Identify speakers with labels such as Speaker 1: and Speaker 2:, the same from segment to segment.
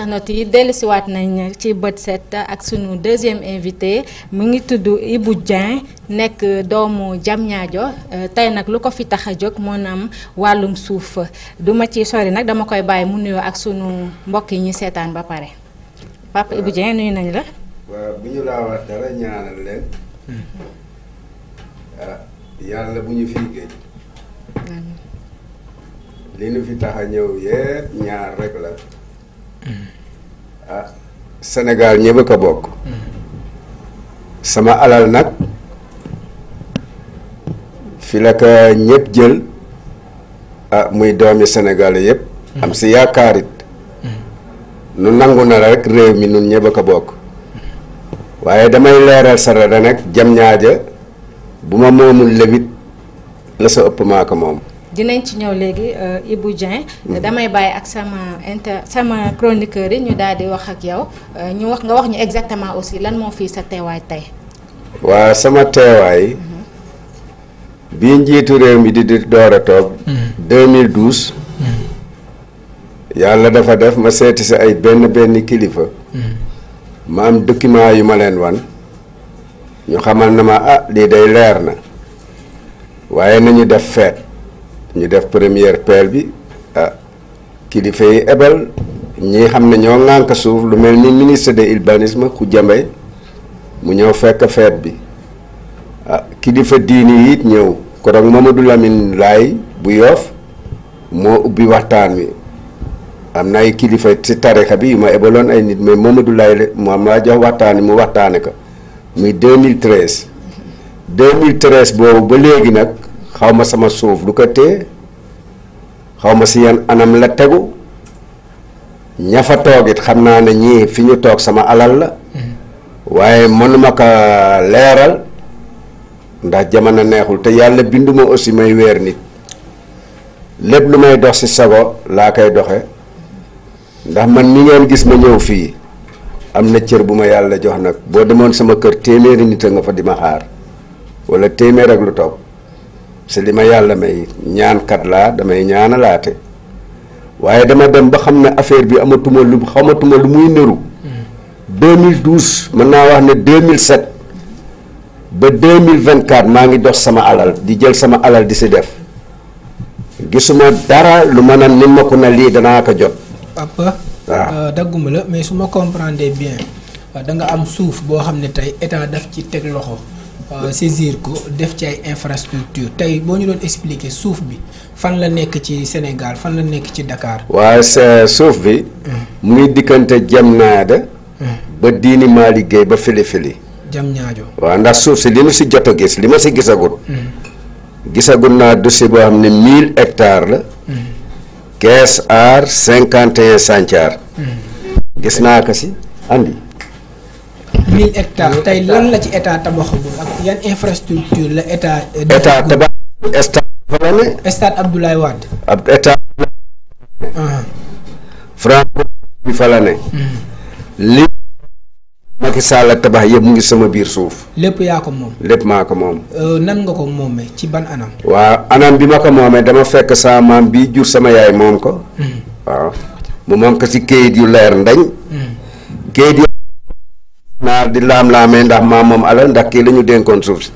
Speaker 1: internet yi dellusiwaat nañ ci bët set ak sunu deuxième invité mu ngi tudd Ibou Dieng nekk doomu Diamniadio euh, tey nag lu ko fi tax a jóg moo naam wàllum suuf du ma ci sori nag dama koy bàyyi mu nuyoo ak sunu mbokk yi ñu seetaan ba pare papa Ibou Dieng nuyu nañ la.
Speaker 2: waaw bu ñu laa wax dara ñaanal leen. Hmm. Ah, yàlla bu ñu fiy géej. Hmm. li nu fi tax a ñëw yépp ñaar rek la. Hmm. senegal ah, Sénégal ñëpp ko bokk. sama alal nag fi la ko ñëpp jël ah muy doomi Sénégal yëpp. am si yaakaar it. nu nangu na la rek réew mi nun ñëpp a bokk. waaye damay leeral sarada nag jam ñaaja bu ma moomul lewit la sa ëpp maa moom.
Speaker 1: dinañ ci ñëw léegi euh, Ibou Dieng. damay bàyyi ak sama inter sama chroniqueur yi ñu daal di wax ak yow euh, ñu wax nga wax ñu exactement aussi lan moo fii sa teewaay tey.
Speaker 2: waa sama teewaay. bii njiitu réew mi di di door a toog. yàlla dafa def ma seeti si ay benn benn kilifa. ma am document yu ma leen wan. ñu xamal na ma ah lii day leer na. waaye nañu def feet. ñu def première pierre bi ah, kilifa yi ebal ñi xam ne ñoo ŋànk suuf lu mel ni ministre de l'urbanisme ku jambay mu ñëw fekk feet bi ah, kilifa diini yi it ñëw korog Mamadou Lamine Laay bu yoof moo ubbi waxtaan wi am na ay kilifa ci tarixa bi yu ma ebaloon ay nit mais Mamadou Laay moom laa jox waxtaan wi mu waxtaane ko muy 2013 2013 boobu ba léegi nag xaw ma sama suuf lu ko téye xaw ma si yan anam la tegu ña fa it xam naa ne ñii fi ñu toog sama alal la mm-hmm. waaye mënuma ko leeral ndax jamono neexul te yàlla binduma aussi may weer nit lépp lu may dox si sago laa koy doxe ndax man mi ngeen gis ma ñëw fii am na cër bu ma yàlla jox nag boo demoon sama kër téeméeri nit a nga fa di ma xaar wala téeméer ak lu toog c'est li ma yàlla may ñaankat laa damay ñaanalaate waaye dama dem ba xam ne affaire bi amatuma lu xamatuma lu muy nëru 2012 mën naa wax ne 2007 ba 2024 maa ngi dox sama alal di jël sama alal di si def gisuma dara lu ma naan ni na lii danaa ko jot papa euh,
Speaker 3: dagguma la mais su ma comprender bien euh, danga am suuf boo xam ne tey état def ci teg loxo Euh, saisir ko def ci ay infrastructure tey boo ñu doon expliquer suuf bi fan la nekk ci Sénégal fan la nekk ci Dakar.
Speaker 2: waaye sa suuf bi. Hmm. mu ngi diggante Jamñaajo hmm. ba diini maa liggéey ba fili fili. Jamñaajo waaw ndax suuf si li nu si jot a gis li ma si gisagul. Hmm. gisagul naa du si boo xam ne 1000 hectares la. 15 ar 51 santiar. gis naa ko si andi.
Speaker 3: mille hectares tey lan la ci état tabaxagul ak yan infrastructure la eh, tabax stade uh-huh. mm-hmm.
Speaker 2: yëpp mu ngi sama biir suuf.
Speaker 3: lépp yaa ko moom.
Speaker 2: lépp maa ko moom.
Speaker 3: Uh, nan nga ko moomee ci ban anam.
Speaker 2: waaw anam bi ma ko moomee dama fekk sama maam bi jur sama yaay moom ko. Mm-hmm. waaw mu moom ko ci kayit yu leer ndañ. Mm-hmm. kayit naar di laam-laamee ndax maa moom alal ndax kii la ñu dénkoon suuf si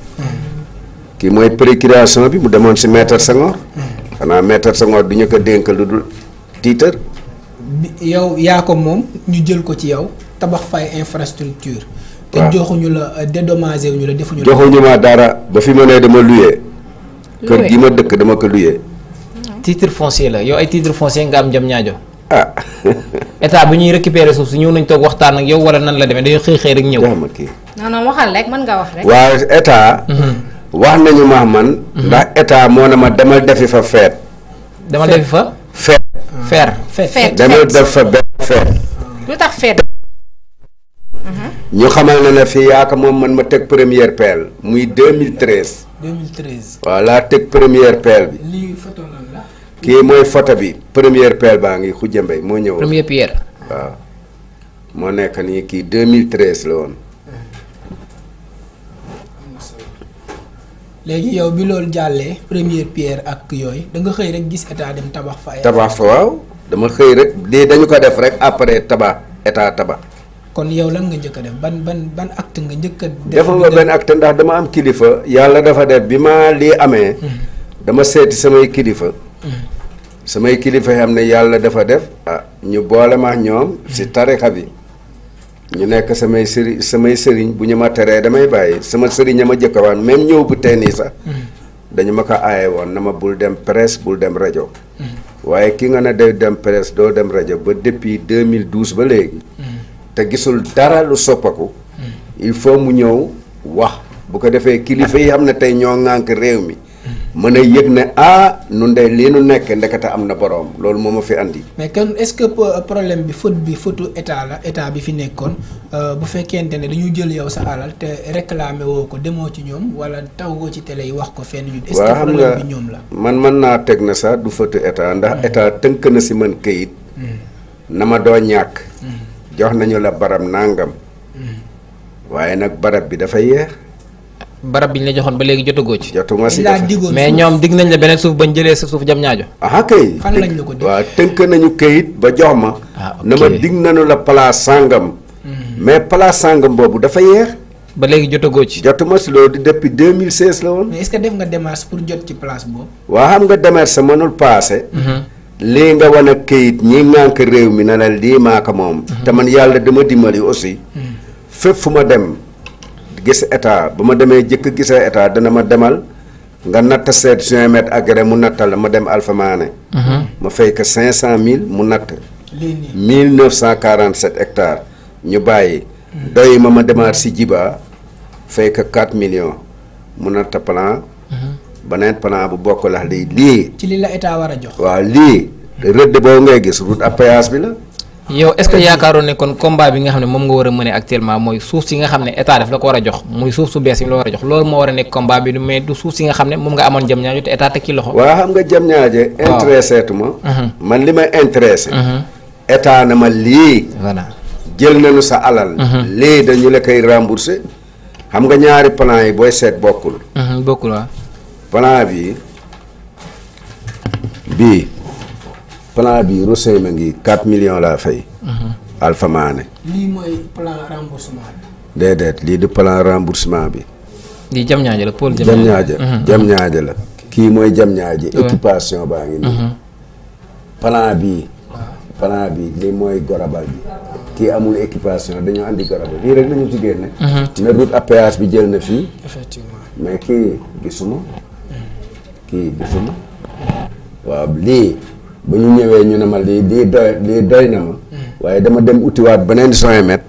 Speaker 2: kii mooy procuration bi mu demoon si maître Senghor xanaa maître Senghor du ñu ko dénk lu dul tiitar
Speaker 3: yow yaa ko moom ñu jël ko ci yow tabax fay infrastructure te joxuñu la euh, dédommagé wuñu la defuñu joxuñu ma
Speaker 2: dara ba fi ma nee dama luyee kër gi ma dëkk dama ko luyee
Speaker 3: titre foncier la
Speaker 4: yow ay titre foncier nga am jam ñaajo
Speaker 2: ah.
Speaker 4: état bi ñuy récupérer suuf si ñëw nañ toog waxtaan ak
Speaker 2: yow wala nan la demee dañuy xëy xëy rek ñëw. non
Speaker 1: non waxal rek mën nga wax rek. waaw
Speaker 2: état. Mhm. wax nañu ma man. Mhm. ndax état moo ne ma demal defi fa feet. demal defi fa. feet feer.
Speaker 1: feet demal def fa
Speaker 2: benn feet.
Speaker 1: lu tax feet. Mhm.
Speaker 2: ñu xamal na ne fii yaaka moom man ma teg première pelle muy 2013.
Speaker 3: 2013
Speaker 2: voilà teg première pelle bi. kii mooy photo bi première pierre baa ngi xujja mbay moo ñëw. première pierre. waaw moo nekk nii kii 2013 la woon.
Speaker 3: léegi yow bi loolu jàllee première pierre ak yooyu danga xëy rek gis état dem tabax
Speaker 2: fa. tabax fa waaw dama xëy rek lii dañu ko def rek après tabax état tabax.
Speaker 3: kon yow lan nga njëkk def ban ban ban nga njëkk a. def nga benn
Speaker 2: acte ndax dama am kilifa yàlla dafa def bi ma lii amee. Mhm. dama seeti samay kilifa. Mhm. samay kilifa yi xam ne yàlla dafa def ah ñu boole ñoom si tarixa bi ñu nekk samay sëriñ samay sëriñ bu ñu ma teree damay bàyyi sama sëriñ a ma jëkk waan même ñëw bu tey nii sax dañu ma ko aaye woon na ma bul dem presse bul dem rajo waaye ki nga ne day dem presse doo dem rajo ba depuis 2012 ba léegi te gisul dara lu soppaku il faut mu ñëw wax bu ko defee kilifa yi am na tey ñoo ŋànk réew mi mën a yëg ne ah nun day lii nu nekk ndeketa am na boroom loolu moo ma fi indi
Speaker 3: mais kan est-ce que problème bi faute bi fautu état la état bi fi nekkoon euh, bu fekkente ne dañu jël yow sa alal te réclamer woo ko demoo ci ñoom wala taw ko ci télé yi wax ko fenn ñu. est-ce que problème ñoom la
Speaker 2: man mën naa teg na sax du fautu état ndax hmm. état tënk na si man kayit hmm. na ma doo ñàkk. Hmm. jox nañu la barab nàngam waaye nag barab bi dafa yeex barab bi ñu la joxoon ba
Speaker 4: léegi jotagoo ci. jotuma si mais ñoom dig nañ la beneen suuf bañ jëlee sa suuf jam ñaajo. ah kay fan lañ
Speaker 2: la ko tënk nañu kayit ba jox ma. Ah, na ma dig nañu la place sangam. Hmm. mais place sangam boobu dafa yeex. ba léegi jotagoo ci. jotuma si loolu depuis 2016 la woon.
Speaker 3: mais est-ce que def nga démarche pour jot ci place boobu.
Speaker 2: waa xam nga démarche sa mënul paase. Mhm. lii nga wan a kayit ñi ngànk réew mi na la lii maa moom. Mhm. te man yàlla dama dimbali aussi. Hmm. fépp fu gis état bu ma demee jëkk gisee état dana ma demal nga natt seet juin mètre agré mu nattal la ma dem Alpha mhm. ma fay ko cinq cent mille mu natt mille neuf cent quarante sept hectares ñu bàyyi mhm. doy ma ma demaat si jiba fay ko quatre millions mu natt plan mhm. beneen plan bu bokk la lii lii
Speaker 3: ci war a jox
Speaker 2: waaw lii rëdd boobu ngay gis route à péage bi la
Speaker 4: yow est-ce que yaakaaroon ne kon combat bi nga xam ne moom nga war a mëne actuellement mooy suuf si nga xam ne état daf la ko war a jox muy suuf su bees yi la war a jox loolu moo war a nekk combat bi mais du suuf si nga xam ne moom nga amoon jam ñaajo te état teg ci loxo. waaw
Speaker 2: xam nga jam ñaaje. intéressé mhm. man li ma intéressé. Mhm. état na ma lii. voilà jël nañu sa alal. Mhm. lii dañu la koy remboursé. xam nga ñaari plan yi booy seet bokkul. bokkul waaw. plan bi bii. plan bi Rousseau ma ngi 4 millions laa fay. Mhm. Alpha Mané.
Speaker 3: lii mooy plan remboursement
Speaker 2: di plan remboursement bi. lii jam ñaaja la Paul jam ñaaja mhm. jam ñaaja la. kii mooy jam ñaaja. occupation baa ngi nii. Mhm. plan bii. bi lii mooy gorabal bi. kii amul équipation dañoo andi gorabal lii rek lañu ci génne. mais route à bi jël na fii. mais kii gisuma. kii gisuma. waaw lii. ba ñu ñëwee ñu ne ma lii lii doy lii doy na ma. waaye dama dem utiwaat beneen cent mètres.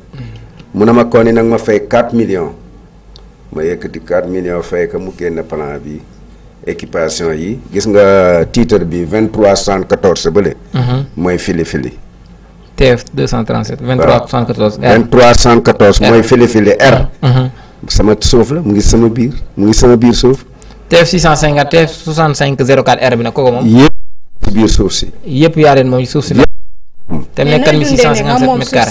Speaker 2: mu ne ma kon nag ma fay 4 millions. ma yëkkati 4 millions fay ka mu génn plan bi équipation yi gis nga titre bi 2314 bële. Mhm. mooy fili fili.
Speaker 4: TF 237. 2314 R 2314 mooy fili fili R.
Speaker 2: Mhm. sama suuf la mu ngi sama biir mu ngi sama biir suuf.
Speaker 4: TF 650 TF 65 04 R bi nag kooku biir suuf si. yëpp yaa leen moom suuf si la. te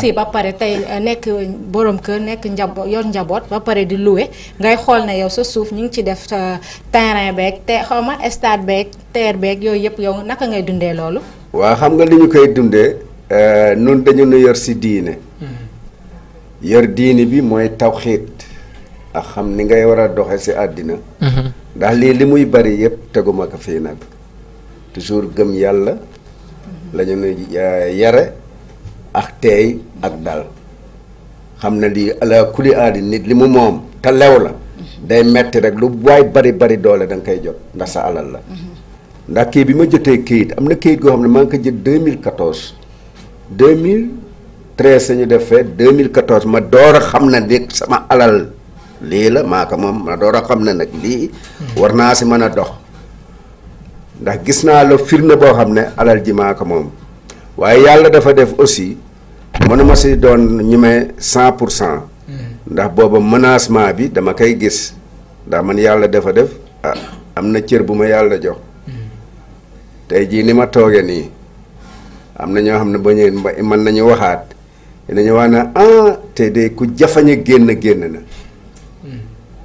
Speaker 4: si
Speaker 1: ba pare tey eh, nekk borom kër nekk njaboot yor njaboot ba pare di loué ngay xool na yow sa suuf ñu ngi ci def eh, terrain beeg te xaw ma stade beeg terre beeg yooyu yëpp yow naka ngay dundee loolu.
Speaker 2: waaw xam nga li ñu koy dundee eh, nun dañu nu yor si diine.
Speaker 1: Mm-hmm.
Speaker 2: yor diine bi mooy tawxiit ak xam ni ngay war a doxe si àddina. Mm-hmm. ndax lii li muy bari yëpp teguma ko fii nag. toujours gëm yàlla lañu ñu euh, nu yare ak teey ak dal xam na lii ala kuli aadi nit li mu moom te lew la day metti rek lu waay bari bari doole da nga koy jot ndax sa alal la ndax kii bi ma jotee kayit am na kayit goo xam ne maa ngi ko jël 2014 2013 la ñu def fee 2014 ma door a xam na nag sama alal lii la maa ko moom ma door a xam ne nag lii war naa si mën a dox ndax gis naa la firnde boo xam ne alal ji maa ko moom waaye yàlla dafa def aussi mënuma si doon ñime cent pour cent ndax booba menacement bi dama koy gis ndax man yàlla dafa def ah am na cër bu ma yàlla jox tey jii ni ma tooge nii am na ñoo xam ne ba ñëwee mën nañu waxaat dinañu wax ne ah te de ku jafañ génn génn na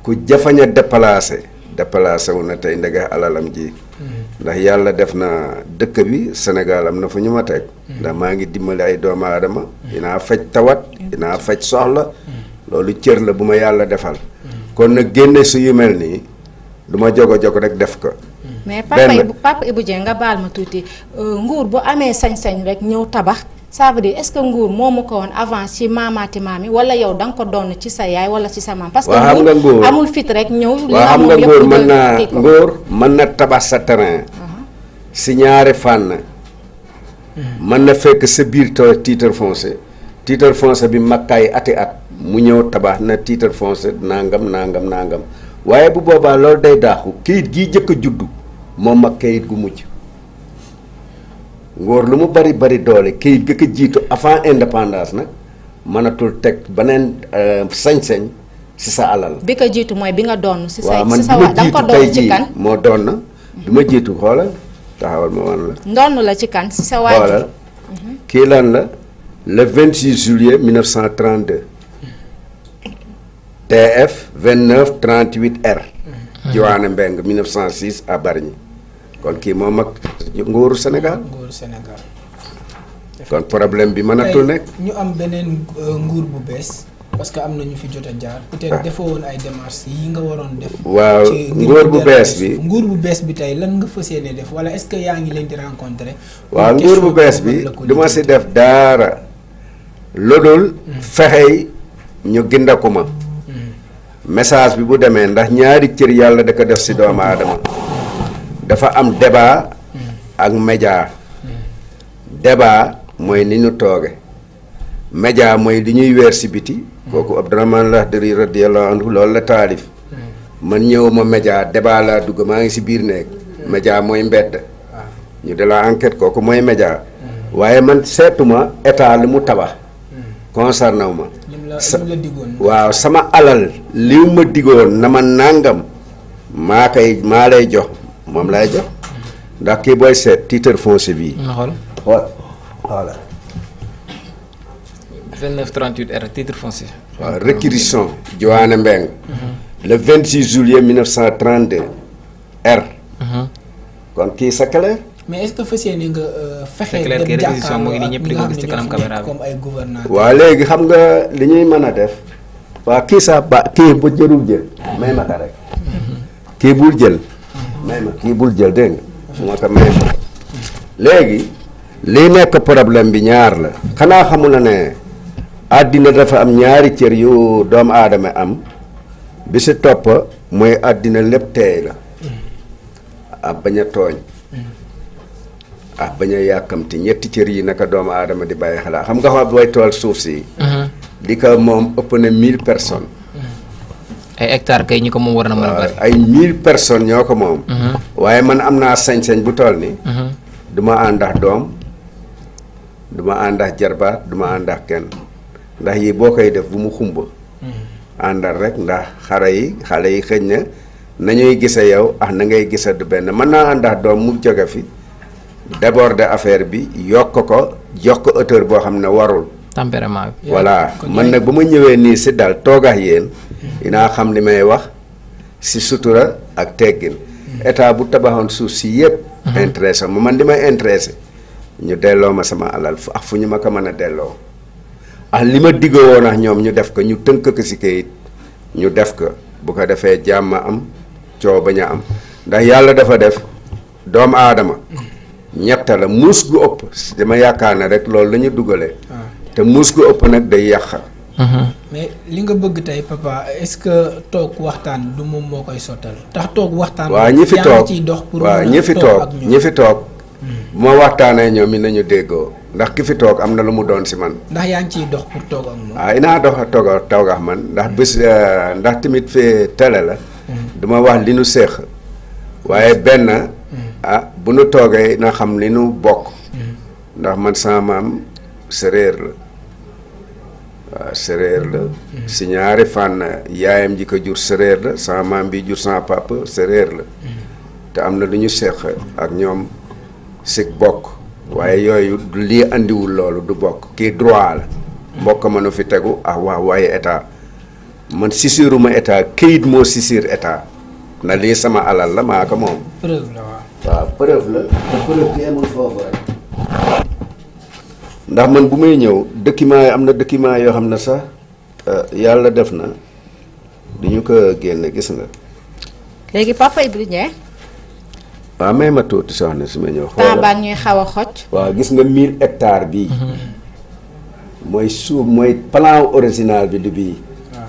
Speaker 2: ku jafañ a déplacé wu na tey ndege alalam ji. Hmm. ndax yàlla def na dëkk bi Sénégal am na fu ñu ma teg. Hmm. ndax maa ngi dimbali ay doomu aadama. Hmm. dinaa faj tawat. dinaa faj soxla. loolu cër la bu ma yàlla defal. kon na génne su yu mel nii du ma jogo jogo rek def ko.
Speaker 1: mais i Ibou Papa Ibou Dieng nga baal ma tuuti euh, nguur bu amee sañ-sañ rek ñëw tabax. ça veut dire est-ce que nguur moomu ko woon avant ci maamaati maam yi wala yow da nga ko doon ci sa yaay wala ci sa maam. parce que nguur amul fit rek ñëw. li xam nga nguur mën na nguur
Speaker 2: mën na tabax sa terrain. Uh-huh. si ñaari fànn. mën na fekk sa biir titre foncier. titre foncier bi makkaay ati at mu ñëw tabax na titre foncier nangam nangam nangam waaye bu boobaa loolu day daaxu kayit gii jëkk a juddu moom mag kayit gu mujj. ngóor lu mu bari bari doole kii gëkk a jiitu avant indépendance nag mënatul teg beneen euh, sañ-sañ si sa alal.
Speaker 1: bi ko jiitu mooy bi nga doon. si sa man bi ma jiitu tey jii
Speaker 2: moo doon na. bi ma jiitu xoolal taxawal ma wan la.
Speaker 1: ndoon la ci kan si sa waajur. xoolal
Speaker 2: kii lan la le 26 juillet 1932 TF 29 38 R. Jiwaane Mbeng 1906 à Bargny. kon kii moo mag nguuru Sénégal. nguuru Sénégal. kon problème bi mënatul nekk.
Speaker 3: Eh, ñu am beneen euh, nguur bu bees. parce que am na ñu fi jot jaar. peut-être ah. ay démarches yi nga waroon def. waaw nguur bu bees bi nguur bu bees bi tey lan nga fas yéene def wala est-ce que yaa ngi leen di rencontrer. waa nguur bu
Speaker 2: bees bi du ma si def daara. loolu. Hmm. fexey ñu ma hmm. message bi bu demee ndax ñaari cër yàlla da ko def si doomu aadama. dafa am débat ak média débat mooy ni ñu tooge média mooy li ñuy weer si biti kooku Abdourahmane Lahdari radiyallahu anhu loolu la taalif man ñëwuma média débat laa dugg maa ngi si biir néeg média mooy mbedd ñu de la enquête kooku mooy média waaye man seetuma état li mu tabax concerné wu waaw sama alal li ma digoon na ma nàngam maa koy maa lay jox moom laay jox ndax kii booy seet titre foncier bii. xool voilà.
Speaker 4: 29 38 R titre
Speaker 2: foncier. waaw réquisition Joanne Mbeng mhm. R. Mhm. kon kii sa
Speaker 3: mais est-ce que nga euh, fexe. dem jàkkaarloo mooy
Speaker 4: ñëpp di ko gis
Speaker 2: léegi xam nga li ñuy mën a def. waa kii sa ba kii bu jërul jël. may ma rek. Mhm. kii bul jël. may ma kii bul jël dégg nga. ko may ma léegi li nekk problème bi ñaar la xanaa xamul na ne àddina dafa am ñaari cër yu doomu aadama am bi si topp mooy àddina lépp teey la ak bañ a tooñ ak bañ a yàkkamti ñetti cër yi naka doomu aadama di bàyyi xalaat xam nga xam booy tool suuf si. dika ko moom ëpp na mille personnes ay hectare kay ñi ko moom war na mën a bari ay mille personnes ñoo ko moom mhm. waaye man am naa sañ-sañ bu toll ni mhm. duma ànd ak doom duma ànd ak jarbaat duma ànd ak kenn ndax yi boo koy def bu mu xumba mhm. àndal rek ndax xare yi xale yi xëñ na nañuy gisa yow ax ah, na ngay gisa du benn mën naa ànd ak doom mu jóge fi déborder affaire bi yokk ko jox ko boo xam ne warul tempérament bi voilà mën nag bu ma ñëwee nii si daal toogax yéen dinaa xam li may wax si sutura ak teggin état bu tabaxoon suuf si yëpp mhm. intéressé mu man di may intéressé ñu delloo ma sama alal fu ak fu ñu ma ko mën a delloo ah li ma diggoo woon ak ñoom ñu def ko ñu tënk ko si kayit ñu def ko bu ko defee jàmm am coow bañ a am ndax yàlla dafa def doomu aadama ñett la muus gu ëpp dama yaakaar ne rek loolu la ñu dugalee ah. te muus gu ëpp nag day yàq
Speaker 4: Mhm.
Speaker 3: mais li nga bëgg tey papa est-ce que toog waxtaan du moom moo koy sottal tax toog waxtaan. waa ñi fi toog ciy dox ñi fi toog
Speaker 2: ñi toog. bu ma waxtaanee ñoom it nañu déggoo ndax ki fi toog am na lu mu doon si man.
Speaker 3: ndax yaa ngi ciy dox pour toog ak
Speaker 2: moom. waaw ah, inaa dox toog toog ak man ndax hmm. bés euh, ndax tamit fee télé la. Hmm. du ma wax li nu séex waaye hmm. benn. a ah, bu nu toogee na xam ni nu bokk. ndax man sama maam séeréer la. waaw séréer la si ñaari fànn yaayam ji jur séréer la sama maam bi jur sama papa séréer la te am na lu ñu seq ak ñoom sik bokk waaye yooyu lii indiwul loolu du bokk kii droit la mbokk mënu fi tegu ah waaw waaye état man sisiruma état këyit moo sisir état na lii sama alal la maa ko moom waaw waaw la te preuve bi foofu rek ndax man bu may ñëw document yi am na document yoo xam ne sax euh, yàlla def na duñu ko génne gis nga.
Speaker 1: léegi Papa Ibrahima.
Speaker 2: waaw may ma tuuti soxna su ma ñëw. xoolal
Speaker 1: baa ñuy xaw a xoj.
Speaker 2: waaw gis nga 1000 hectares bii. Mm-hmm. mooy suuf mooy plan original bi du bii. Ah.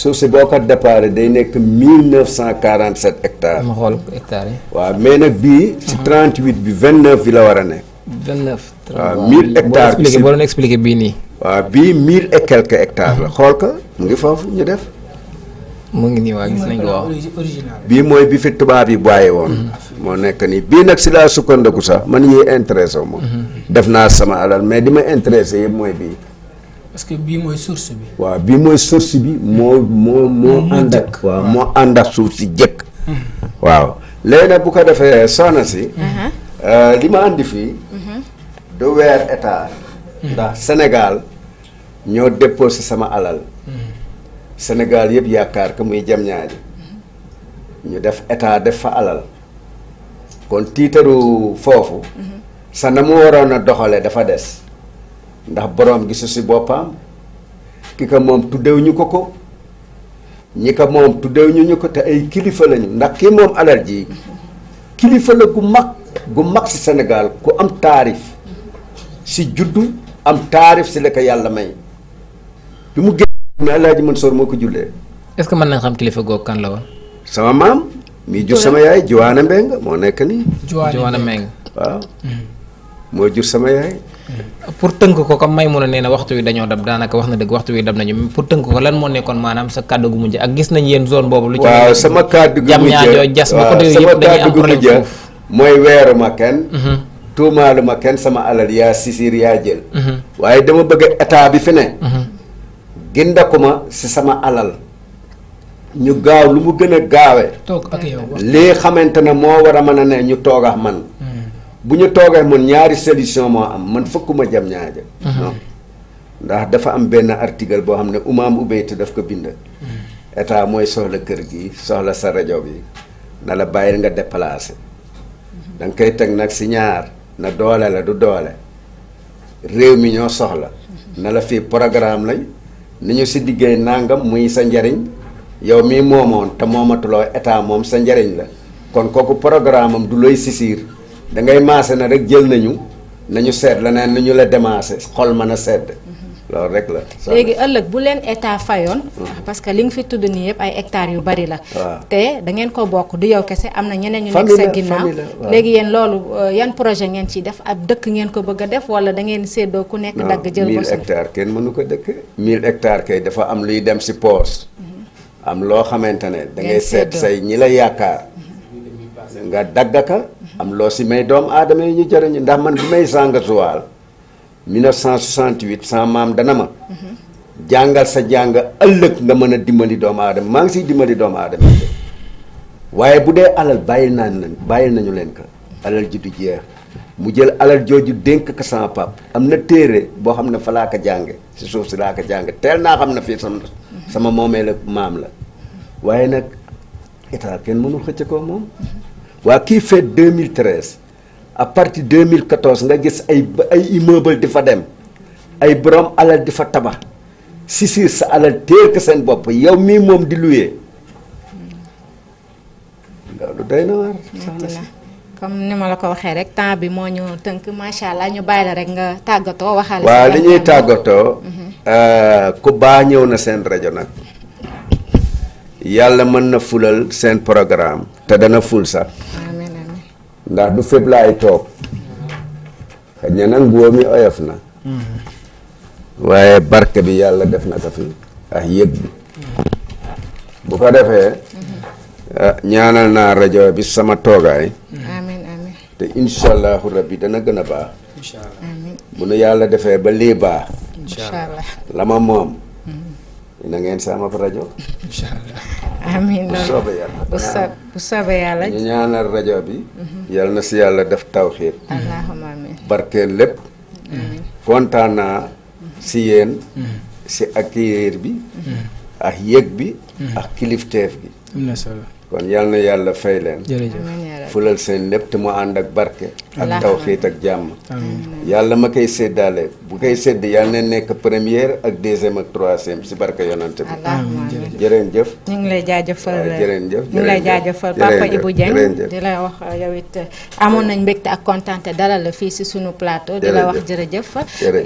Speaker 2: suuf si boo ko déparé day nekk 1947 hectares. ma xool hectares yi. waaw mais nag bii. si 38 mm-hmm. bi 29 bi la war a nekk.
Speaker 4: 29 waaw 1000 hectares bi si boo
Speaker 2: doon expliqué bii nii. waaw ah, bii 1000 e quelques hectares la xool ko mu ngi foofu ñu def. mu ngi nii waa nañ ko bii mooy bi fi tubaab yi bàyyi woon. Mhm. moo nekk nii bii nag si laa sukkandiku sax ma man ñuy intéressé moom. def naa sama alal mais li ma intéressé yëpp mooy bii. parce que bii mooy source bi. waaw bii mooy bi moo moo moo. ànd ak waaw moo ànd ak suuf si jëkk. Mhm. waaw léegi bu ko defee soxna si. Mhm. Euh, li ma andi fii. Mhm. du weer état. Hmm. ndax Sénégal ñoo déposé sama alal. Hmm. Sénégal yëpp yaakaar que muy jam ñaaji mhm. ñu def état def fa alal kon tiitaru foofu. Mhm. sa na mu waroon a doxalee dafa des. ndax boroom gisu si boppam ki ko moom tuddew ñu ko ko ñi ko moom tuddew ñu ñu ko te ay kilifa lañu ndax kii moom alal ji kilifa la gu mag. gu mag si senegal ku am taarif si juddu am taarif si la yàlla may bi mu génn Alaaji Mansoor moo ko jullee. est-ce que mën nañ xam kilifa goog kan la woon. sama maam. mi jur sama yaay Juwaana Mbengue moo nekk nii. Juwaana Mbengue waaw. Mm-hmm. moo jur sama yaay.
Speaker 4: pour tënk ko comme Maymuna nee na waxtu wi dañoo dab daanaka wax na dëgg waxtu wi dab nañu pour tënk ko lan moo nekkoon maanaam sa kàddu gu mujj ak gis nañ yéen zone boobu. lu ci waaw sama kàddu gu mujj jam ñaajo jas ba côté yëpp dañuy am problème foofu
Speaker 2: mooy weeru ma kenn. Mhm. tuumaalu kenn sama alal yaa sisir yaa jël. Mhm. waaye dama bëgg état bi fi ne. Mhm. gindaku ma si sama alal. ñu gaaw lu mu gën a gaawee.
Speaker 3: toog ak
Speaker 1: yow
Speaker 2: lii xamante ne moo war a mën a ne ñu toog man. bu ñu toogee man ñaari solution moo am man fëkkuma jam ñaaja non ndax dafa am benn article boo xam ne Umaam Ubaytu daf ko bind. état mooy soxla kër gi soxla sa rajo bi na la bàyyil nga déplacé. da nga koy teg nag si ñaar na doole la du doole réew mi ñoo soxla na la fii programme lañ ni ñu si diggéey nangam muy sa njariñ yow mii moomoon te moomatuloo état moom sa njariñ la kon kooku programme am du lay sisiir da ngay maase na rek jël nañu nañu seet la neen ñu la demaase xol mën a sedd loolu rek la. léegi
Speaker 1: ëllëg bu leen état fayoon. Hmm. parce que li nga fi tudd nii yëpp ay hectares yu bari la. te da ngeen ko bokk du yow kese am na ñeneen ñu nekk sa ginnaaw léegi yéen loolu euh, yan projet ngeen ciy def ab dëkk ngeen ko bëgg a def wala da ngeen séddoo ku nekk dagg jël ko 1000
Speaker 2: hectares kenn mënu ko dëkk. 1000 hectares kay dafa am luy dem si poos. Mhm. am loo xamante ne da ngay say ñi la yaakaar. Mhm. nga dagg ka am loo si may doom aadama yi ñu jëriñu ndax man bi may sàngatuwaal. 1968 sa maam dana ma. jàngal sa jàng ëllëg nga mën a dimbali doomu aadama maa ngi siy dimbali doomu aadama waaye bu dee alal bàyyil naa leen bàyyil nañu leen ko alal ji du jeex mu jël alal jooju dénk ko sama pap am na téere boo xam ne fa laa ko jànge si suuf si laa ko jànge teel naa xam ne fii sama sama moomee la maam la waaye nag état kenn mënul xëcc ko moom waa kii fait 2013 à partir 2014 nga gis ay ay immeuble di fa dem ay borom alal di fa tabax si si sa alal téer ko seen bopp yow mii moom di luyee loolu doy na waar
Speaker 1: comme ni ma la ko waxee rek temps bi moo ñu tënk macha allah ñu bàyyi la rek nga tàggatoo waxal. waaw li ñuy
Speaker 2: tàggatoo. Mhm. Euh, ku baa ñëw na seen rajo nag. yàlla mën na fulal seen programme te dana ful sax. ndax du fépp laay toog xëy na nag mi oyof na waaye barke bi yàlla def na ko fi ak yëg bi bu ko defee ah, ñaanal naa rajo bi sama toogaay amiin amiin te incha allahu rabbi dana gën a baax bu nu yàlla defee ba lii baax la ma moom na ngeen si amab rajo. incha
Speaker 1: allah amiin bu soobee yàlla. bu soobee yàlla. ñu
Speaker 2: ñaanal rajo bi. Mhm. yàlla na si yàlla def tawxiir. allahumma amiin barkeel lépp. kontaan si yéen. Mhm. si accueillir bi. Mhm. ak yëg bi. ak kilifteef bi. kon yàlla na yàlla fay leen. jërëjëf fulal seen lépp mu ànd ak barke. ak xiit ak jàmm. yàlla ma koy séddaale bu koy sédd yàlla na nekk première ak deuxième ak troisième si barke yonante bi. jëf
Speaker 1: ñu ngi lay jaajëfal jërëjëf ñu ngi lay jaajëfal Papa di lay wax uh, yow it uh, amoon nañ mbégte ak kontaante dalal la fii si sunu plateau di la wax jërëjëf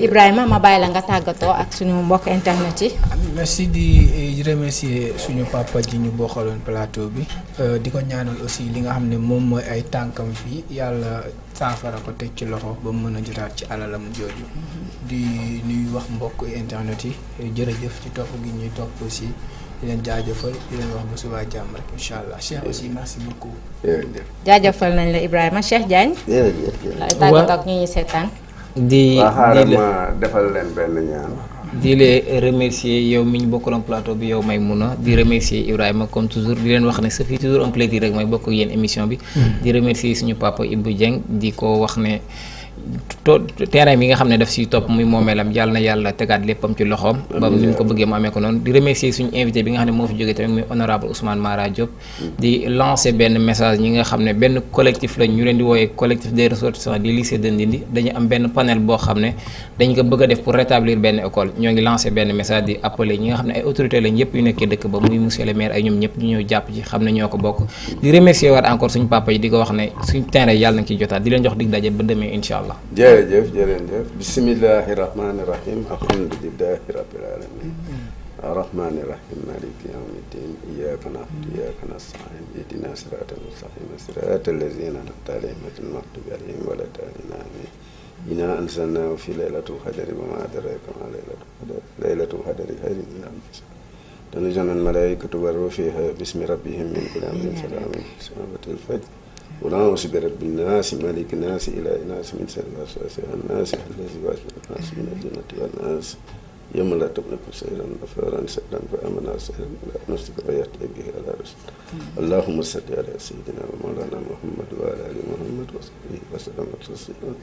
Speaker 1: Ibrahima ma bàyyi la nga tàggatoo ak suñu mbokk internet yi
Speaker 3: ah, merci di eh, remercier suñu papa ji ñu bokkaloon plateau bi euh, di ko ñaanal aussi li nga xam ne moom mooy ay tànkam fii yàlla saafara ko teg ci loxo ba mën a jotaat ci alalam jooju mm-hmm. di ñuy wax mbokk internet yi jërëjëf ci topp gi ñuy topp aussi di leen jaajëfal di leen wax allah Cheikh aussi
Speaker 1: nañ la Ibrahima Cheikh Diagne.
Speaker 2: jërëjëf jërëjëf
Speaker 1: tàggatoo
Speaker 4: di
Speaker 2: defal leen benn ñaan.
Speaker 4: yow mi ñu bokkaloon plateau bi yow may Maimouna di remercier Ibrahima comme toujours di leen wax ne ça fait toujours un plaisir rek may bokk ak yéen émission bi. Hmm. di remercier suñu papa Ibou Dieng di ko wax ne. terrain bi nga xam ne daf siy topp muy moomeelam yàlla na yàlla tegaat léppam ci loxoom ba ni mu ko bëggee mu amee ko noonu di remercier suñu invité bi nga xam ne mm. benn message ñi leen di wooyee collectif des ressortissants du lycée de Ndindi dañu am benn panel boo xam ne dañ ko bëgg a def pour rétablir benn école ñoo ngi lancer benn message di appeler ñi nga xam ne ay autorité lañ yëpp yu nekkee dëkk ba muy monsieur le maire ay ñoom ñëpp ñu ñëw jàpp allah.
Speaker 2: jërëjëf jërëjëf bisimilahi rahmaani rahim alhamdulilahi rabbil alamin الرحمن الرحيم مالك يوم الدين إياك نعبد وإياك نستعين اهدنا صراط المستقيم صراط الذين أنعمت عليهم غير المغضوب عليهم ولا الضالين آمين إنا أنزلناه في ليلة القدر وما أدراك ما ليلة القدر ليلة القدر خير من ألف شهر تنزل الملائكة والروح فيها باسم ربهم من كل أمر سلام سورة الفجر ولا وسبرت بالناس مالك الناس إله الناس من سر الوسواس الناس الذي واسوس الناس من الجنة والناس يوم لا تملك سيرا نفرا سيرا فأمنا سيرا لا نفسك فيأتي به على رسول اللهم صل على سيدنا ومولانا محمد وعلى آل محمد وصحبه وسلم تسليما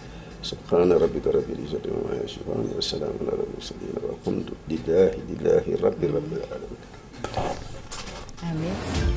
Speaker 2: سبحان ربك رب العزة عما يصفون وسلام على المرسلين والحمد لله لله رب رب العالمين آمين